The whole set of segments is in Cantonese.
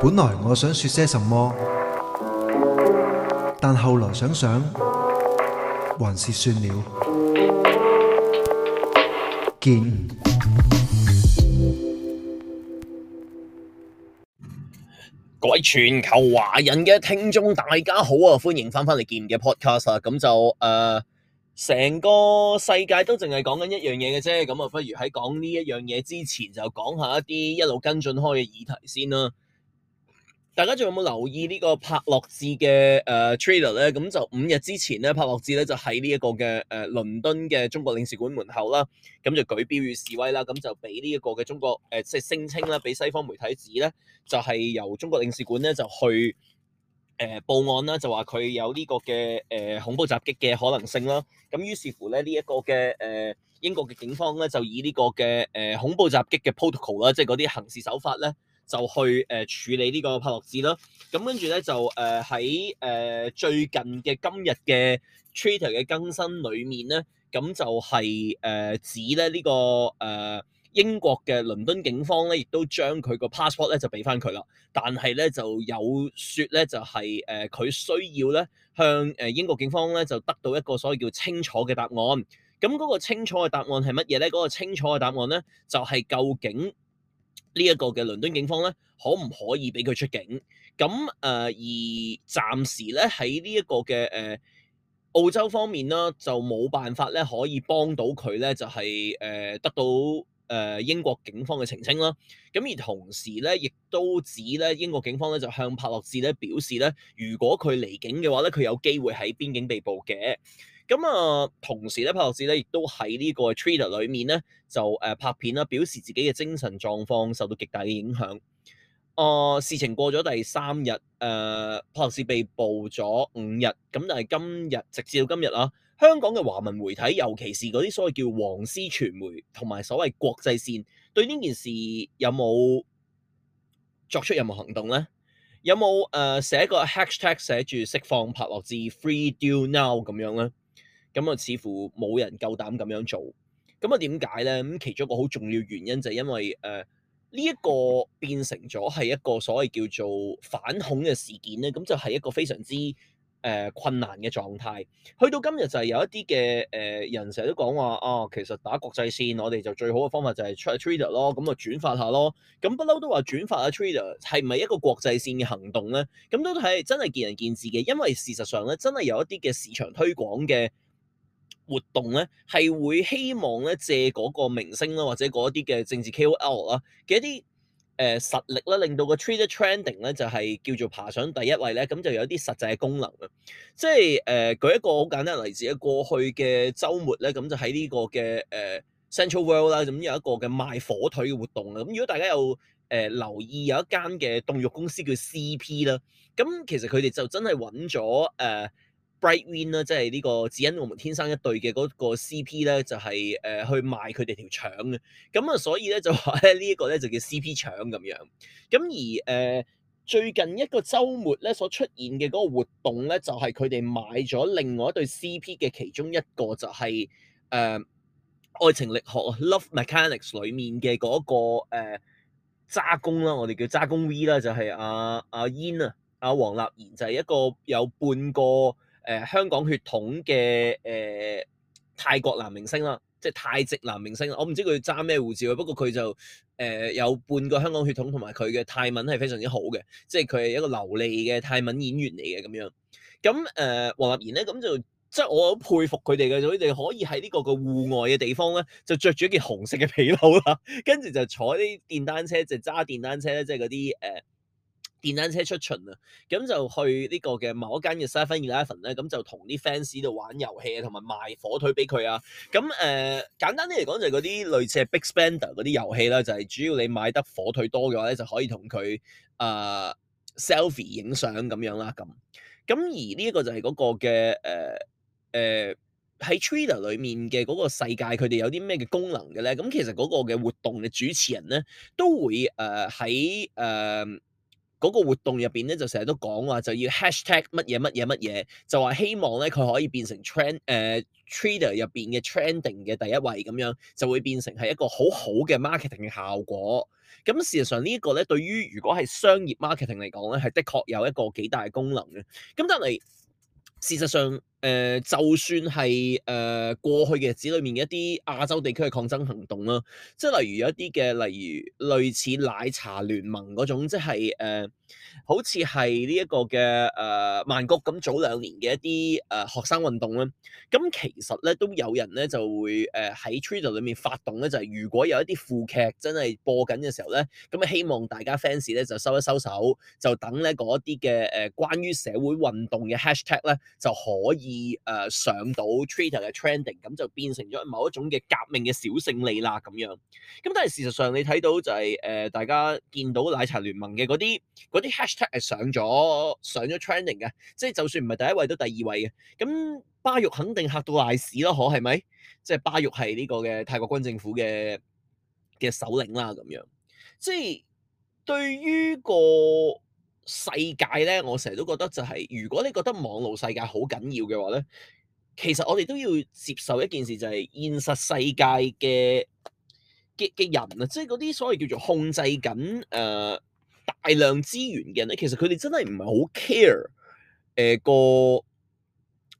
本來我想說些什麼，但後來想想，還是算了。見各位全球華人嘅聽眾，大家好啊！歡迎翻返嚟見嘅 podcast 啊！咁就誒，成個世界都淨係講緊一樣嘢嘅啫，咁啊，不如喺講呢一樣嘢之前，就講下一啲一路跟進開嘅議題先啦。大家仲有冇留意呢個柏樂志嘅誒 trailer 咧？咁就五日之前咧，柏樂志咧就喺呢一個嘅誒倫敦嘅中國領事館門口啦，咁就舉標語示威啦，咁就俾呢一個嘅中國誒即係聲稱啦，俾西方媒體指咧，就係、是、由中國領事館咧就去誒、呃、報案啦，就話佢有呢個嘅誒、呃、恐怖襲擊嘅可能性啦。咁於是乎咧，呢、這、一個嘅誒、呃、英國嘅警方咧就以呢個嘅誒、呃、恐怖襲擊嘅 protocol 啦，即係嗰啲行事手法咧。就去誒、呃、處理個柏洛呢個柏樂志啦。咁跟住咧就誒喺誒最近嘅今日嘅 Twitter 嘅更新裏面咧，咁就係、是、誒、呃、指咧呢、這個誒、呃、英國嘅倫敦警方咧，亦都將佢個 passport 咧就俾翻佢啦。但係咧就有説咧就係誒佢需要咧向誒英國警方咧就得到一個所謂叫清楚嘅答案。咁、嗯、嗰、那個清楚嘅答案係乜嘢咧？嗰、那個清楚嘅答案咧、那個、就係、是、究竟。呢一個嘅倫敦警方咧，可唔可以俾佢出境？咁誒、呃，而暫時咧喺呢一個嘅誒、呃、澳洲方面啦，就冇辦法咧可以幫到佢咧，就係、是、誒、呃、得到誒、呃、英國警方嘅澄清啦。咁而同時咧，亦都指咧英國警方咧就向柏樂志咧表示咧，如果佢離境嘅話咧，佢有機會喺邊境被捕嘅。咁啊，同時咧，柏樂志咧亦都喺呢個 Twitter 裏面咧，就誒、呃、拍片啦，表示自己嘅精神狀況受到極大嘅影響。啊、呃，事情過咗第三日，誒、呃、柏樂志被捕咗五日，咁但係今日直至到今日啦，香港嘅華文媒體，尤其是嗰啲所謂叫黃絲傳媒同埋所謂國際線，對呢件事有冇作出任何行動咧？有冇誒、呃、寫個 hashtag 寫住釋放柏樂志 free do now 咁樣咧？咁啊，就似乎冇人夠膽咁樣做。咁啊，點解咧？咁其中一個好重要原因就係因為誒呢一個變成咗係一個所謂叫做反恐嘅事件咧，咁就係一個非常之誒、呃、困難嘅狀態。去到今日就係有一啲嘅誒人成日都講話啊，其實打國際線我哋就最好嘅方法就係出下 Twitter 咯，咁啊，轉發下咯。咁不嬲都話轉發下 Twitter 係咪一個國際線嘅行動咧？咁都係真係見仁見智嘅，因為事實上咧真係有一啲嘅市場推廣嘅。活動咧係會希望咧借嗰個明星啦，或者嗰一啲嘅政治 KOL 啦嘅一啲誒、呃、實力啦，令到個 Twitter trending 咧就係叫做爬上第一位咧，咁就有啲實際嘅功能啊。即係誒、呃、舉一個好簡單例子嘅，過去嘅週末咧，咁就喺呢個嘅誒、呃、Central World 啦，咁有一個嘅賣火腿嘅活動啊。咁如果大家有誒、呃、留意，有一間嘅凍肉公司叫 CP 啦，咁其實佢哋就真係揾咗誒。呃 Brightwin 咧，Bright wing，即係呢個只因我們天生一對嘅嗰個 CP 咧，就係、是、誒去賣佢哋條腸嘅，咁啊，所以咧就話咧呢一個咧就叫 CP 腸咁樣。咁而誒、呃、最近一個週末咧所出現嘅嗰個活動咧，就係佢哋賣咗另外一對 CP 嘅其中一個、就是，就係誒愛情力學 Love Mechanics 裡面嘅嗰、那個誒、呃、渣工啦，我哋叫渣工 V 啦、啊啊啊，就係阿阿煙啊，阿黃立賢就係一個有半個。誒、呃、香港血統嘅誒、呃、泰國男明星啦，即係泰籍男明星啦，我唔知佢揸咩護照嘅，不過佢就誒、呃、有半個香港血統，同埋佢嘅泰文係非常之好嘅，即係佢係一個流利嘅泰文演員嚟嘅咁樣。咁誒、呃、黃立言咧，咁就即係我好佩服佢哋嘅，佢哋可以喺呢個嘅戶外嘅地方咧，就着住一件紅色嘅被褸啦，跟住就坐啲電單車，就揸電單車咧，即係嗰啲誒。呃電單車出巡啊，咁就去個呢個嘅某一間嘅 Seven Eleven 咧，咁就同啲 fans 度玩遊戲啊，同埋賣火腿俾佢啊。咁誒、呃、簡單啲嚟講，就係嗰啲類似係 Big Spender 嗰啲遊戲啦，就係、是、主要你買得火腿多嘅話咧，就可以同佢啊、呃、selfie 影相咁樣啦。咁咁而呢一個就係嗰個嘅誒誒、呃、喺、呃、Twitter 裏面嘅嗰個世界，佢哋有啲咩嘅功能嘅咧？咁其實嗰個嘅活動嘅主持人咧，都會誒喺誒。呃嗰個活動入邊咧，就成日都講話就要 hashtag 乜嘢乜嘢乜嘢，就話希望咧佢可以變成 trend、呃、trader 入邊嘅 trending 嘅第一位咁樣，就會變成係一個好好嘅 marketing 嘅效果。咁事實上呢一個咧，對於如果係商業 marketing 嚟講咧，係的確有一個幾大功能嘅。咁但係事實上，誒、呃，就算係誒、呃、過去嘅日子裏面嘅一啲亞洲地區嘅抗爭行動啦，即係例如有一啲嘅，例如類似奶茶聯盟嗰種，即係誒、呃，好似係呢一個嘅誒曼谷咁早兩年嘅一啲誒、呃、學生運動啦。咁、嗯、其實咧都有人咧就會誒喺、呃、Twitter 裏面發動咧，就係、是、如果有一啲副劇真係播緊嘅時候咧，咁、嗯、啊希望大家 fans 咧就收一收手，就等咧嗰啲嘅誒關於社會運動嘅 hashtag 咧就可以。而上到 Twitter 嘅 trending，咁就變成咗某一種嘅革命嘅小勝利啦咁樣。咁但係事實上你睇到就係、是、誒、呃、大家見到奶茶聯盟嘅嗰啲嗰啲 hashtag 係上咗上咗 trending 嘅，即係就算唔係第一位都第二位嘅。咁巴育肯定嚇到賴屎咯，可係咪？即係巴育係呢個嘅泰國軍政府嘅嘅首領啦咁樣。即係對於個世界咧，我成日都覺得就係、是、如果你覺得網絡世界好緊要嘅話咧，其實我哋都要接受一件事，就係現實世界嘅嘅嘅人啊，即係嗰啲所謂叫做控制緊誒、呃、大量資源嘅人咧，其實佢哋真係唔係好 care 誒、呃那個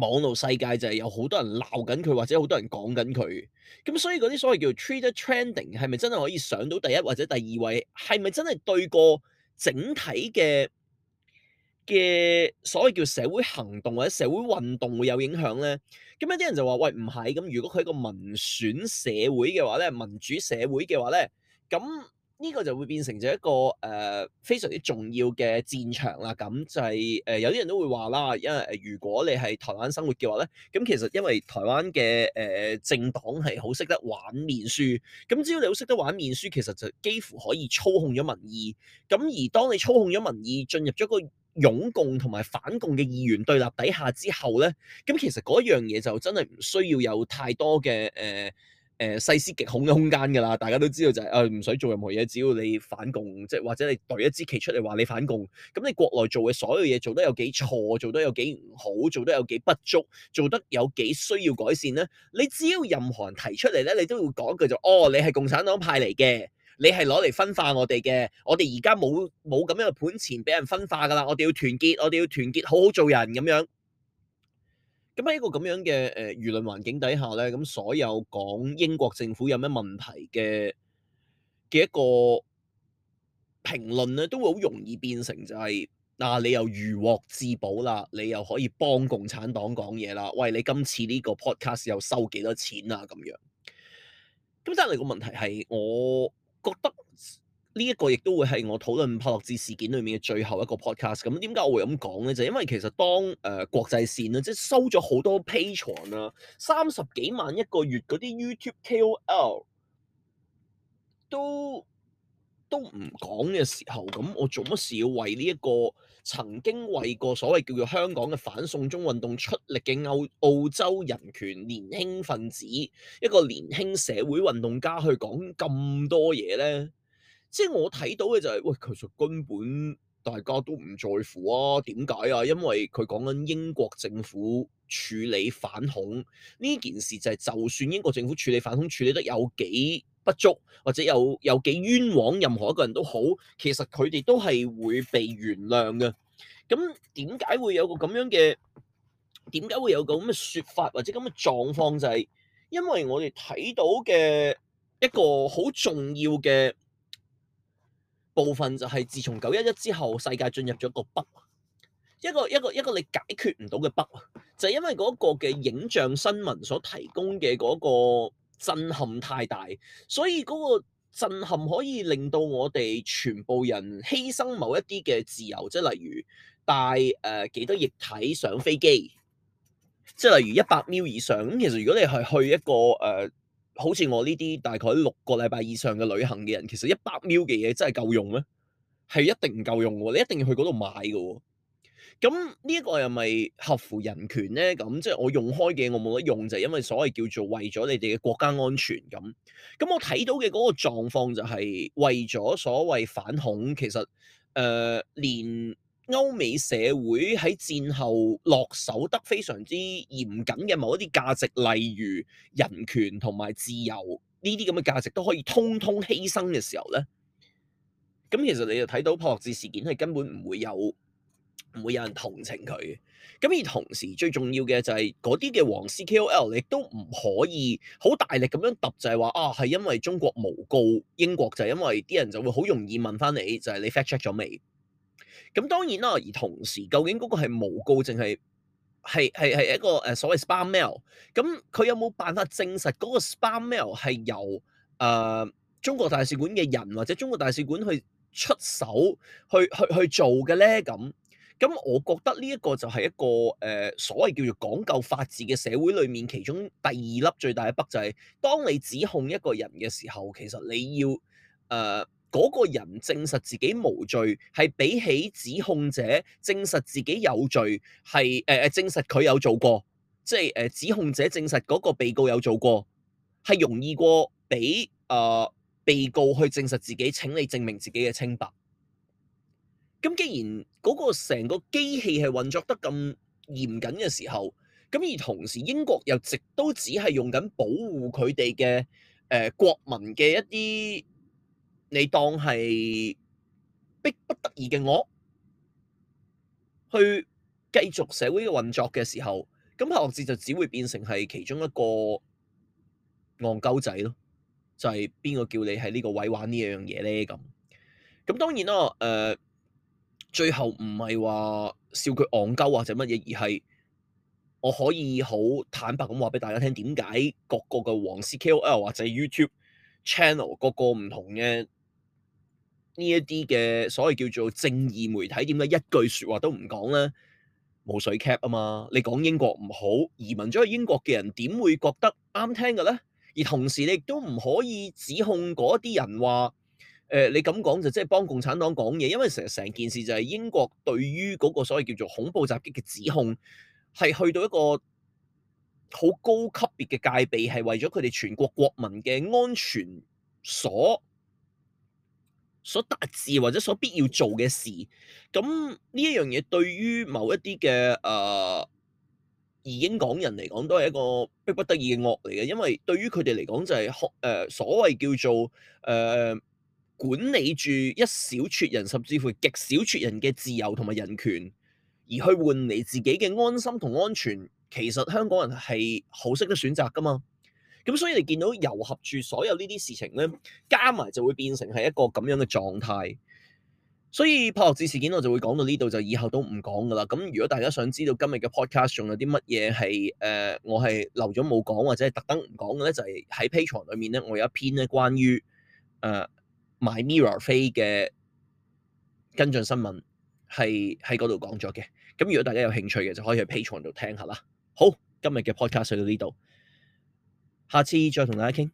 網絡世界就係有好多人鬧緊佢，或者好多人講緊佢，咁所以嗰啲所謂叫做 trend trending 係咪真係可以上到第一或者第二位，係咪真係對個整體嘅嘅所謂叫社會行動或者社會運動會有影響咧，咁有啲人就話：喂，唔係咁，如果佢係一個民選社會嘅話咧，民主社會嘅話咧，咁。呢個就會變成咗一個誒、呃、非常之重要嘅戰場啦。咁就係、是、誒、呃、有啲人都會話啦，因為誒如果你係台灣生活嘅話咧，咁其實因為台灣嘅誒政黨係好識得玩面書，咁只要你好識得玩面書，其實就幾乎可以操控咗民意。咁而當你操控咗民意，進入咗個擁共同埋反共嘅議員對立底下之後咧，咁其實嗰樣嘢就真係唔需要有太多嘅誒。呃誒細思極恐嘅空間㗎啦，大家都知道就係誒唔使做任何嘢，只要你反共，即係或者你懟一支旗出嚟話你反共，咁你國內做嘅所有嘢做得有幾錯，做得有幾唔好，做得有幾不足，做得有幾需要改善咧，你只要任何人提出嚟咧，你都會講一句就哦，你係共產黨派嚟嘅，你係攞嚟分化我哋嘅，我哋而家冇冇咁樣嘅本錢俾人分化㗎啦，我哋要團結，我哋要團結，好好做人咁樣。咁喺一個咁樣嘅誒輿論環境底下咧，咁所有講英國政府有咩問題嘅嘅一個評論咧，都會好容易變成就係、嗱、啊，你又如獲至寶啦，你又可以幫共產黨講嘢啦，喂，你今次呢個 podcast 又收幾多錢啊咁樣。咁但係個問題係，我覺得。呢一個亦都會係我討論柏洛智事件裏面嘅最後一個 podcast。咁點解我會咁講呢？就因為其實當誒、呃、國際線咧，即係收咗好多 pay 場啦，三十幾萬一個月嗰啲 YouTube K O L 都都唔講嘅時候，咁我做乜事要為呢、這、一個曾經為過所謂叫做香港嘅反送中運動出力嘅澳澳洲人權年輕分子，一個年輕社會運動家去講咁多嘢呢？即係我睇到嘅就係，喂，其實根本大家都唔在乎啊？點解啊？因為佢講緊英國政府處理反恐呢件事就係，就算英國政府處理反恐處理得有幾不足，或者有有幾冤枉，任何一個人都好，其實佢哋都係會被原諒嘅。咁點解會有個咁樣嘅？點解會有個咁嘅説法或者咁嘅狀況？就係因為我哋睇到嘅一個好重要嘅部分就係自從九一一之後，世界進入咗個北，一個一個一個你解決唔到嘅北，就係、是、因為嗰個嘅影像新聞所提供嘅嗰個震撼太大，所以嗰個震撼可以令到我哋全部人犧牲某一啲嘅自由，即係例如帶誒幾、呃、多液體上飛機，即係例如一百秒以上。咁其實如果你係去一個誒。呃好似我呢啲大概六個禮拜以上嘅旅行嘅人，其實一百 ml 嘅嘢真係夠用咩？係一定唔夠用喎，你一定要去嗰度買㗎喎。咁呢一個又咪合乎人權呢？咁即係我用開嘅，我冇得用就係、是、因為所謂叫做為咗你哋嘅國家安全咁。咁我睇到嘅嗰個狀況就係為咗所謂反恐，其實誒、呃、連。歐美社會喺戰後落手得非常之嚴謹嘅某一啲價值，例如人權同埋自由呢啲咁嘅價值都可以通通犧牲嘅時候咧，咁、嗯、其實你就睇到柏樂志事件係根本唔會有唔會有人同情佢。咁、嗯、而同時最重要嘅就係嗰啲嘅黃絲 KOL 你都唔可以好大力咁樣揼，就係話啊，係因為中國無告英國，就係因為啲人就會好容易問返你，就係、是、你 fact check 咗未？咁當然啦，而同時究竟嗰個係誣告，淨係係係係一個誒所謂 spam mail，咁佢有冇辦法證實嗰個 spam mail 係由誒、呃、中國大使館嘅人或者中國大使館去出手去去去做嘅咧？咁咁，我覺得呢一個就係一個誒所謂叫做講究法治嘅社會裏面其中第二粒最大嘅筆就係、是，當你指控一個人嘅時候，其實你要誒。呃嗰個人證實自己無罪，係比起指控者證實自己有罪，係誒誒證實佢有做過，即係誒、呃、指控者證實嗰個被告有做過，係容易過俾啊、呃、被告去證實自己，請你證明自己嘅清白。咁既然嗰個成個機器係運作得咁嚴謹嘅時候，咁而同時英國又直都只係用緊保護佢哋嘅誒國民嘅一啲。你當係逼不得已嘅，我去繼續社會嘅運作嘅時候，咁阿樂志就只會變成係其中一個戇鳩仔咯，就係邊個叫你喺呢個位玩呢樣嘢咧？咁咁當然啦，誒、呃，最後唔係話笑佢戇鳩或者乜嘢，而係我可以好坦白咁話俾大家聽，點解各個嘅黃絲 KOL 或者 YouTube channel 各個唔同嘅。呢一啲嘅所謂叫做正義媒體，點解一句説話都唔講呢？冇水 cap 啊嘛！你講英國，唔好移民咗去英國嘅人點會覺得啱聽嘅呢？而同時你亦都唔可以指控嗰啲人話誒、呃，你咁講就即係幫共產黨講嘢，因為成成件事就係英國對於嗰個所謂叫做恐怖襲擊嘅指控係去到一個好高級別嘅戒備，係為咗佢哋全國國民嘅安全所所達至或者所必要做嘅事，咁呢一樣嘢對於某一啲嘅誒粵英港人嚟講，都係一個迫不得已嘅惡嚟嘅，因為對於佢哋嚟講就係學誒所謂叫做誒、呃、管理住一小撮人，甚至乎極少撮人嘅自由同埋人權，而去換嚟自己嘅安心同安全，其實香港人係好識得選擇㗎嘛。咁所以你見到糅合住所有呢啲事情咧，加埋就會變成係一個咁樣嘅狀態。所以柏樂志事件我就會講到呢度，就以後都唔講噶啦。咁如果大家想知道今日嘅 podcast 仲有啲乜嘢係誒我係漏咗冇講或者係特登唔講嘅咧，就係、是、喺 patreon 裏面咧，我有一篇咧關於、呃、買 Mirror 飛嘅跟進新聞係喺嗰度講咗嘅。咁如果大家有興趣嘅就可以去 patreon 度聽下啦。好，今日嘅 podcast 到呢度。下次再同大家傾。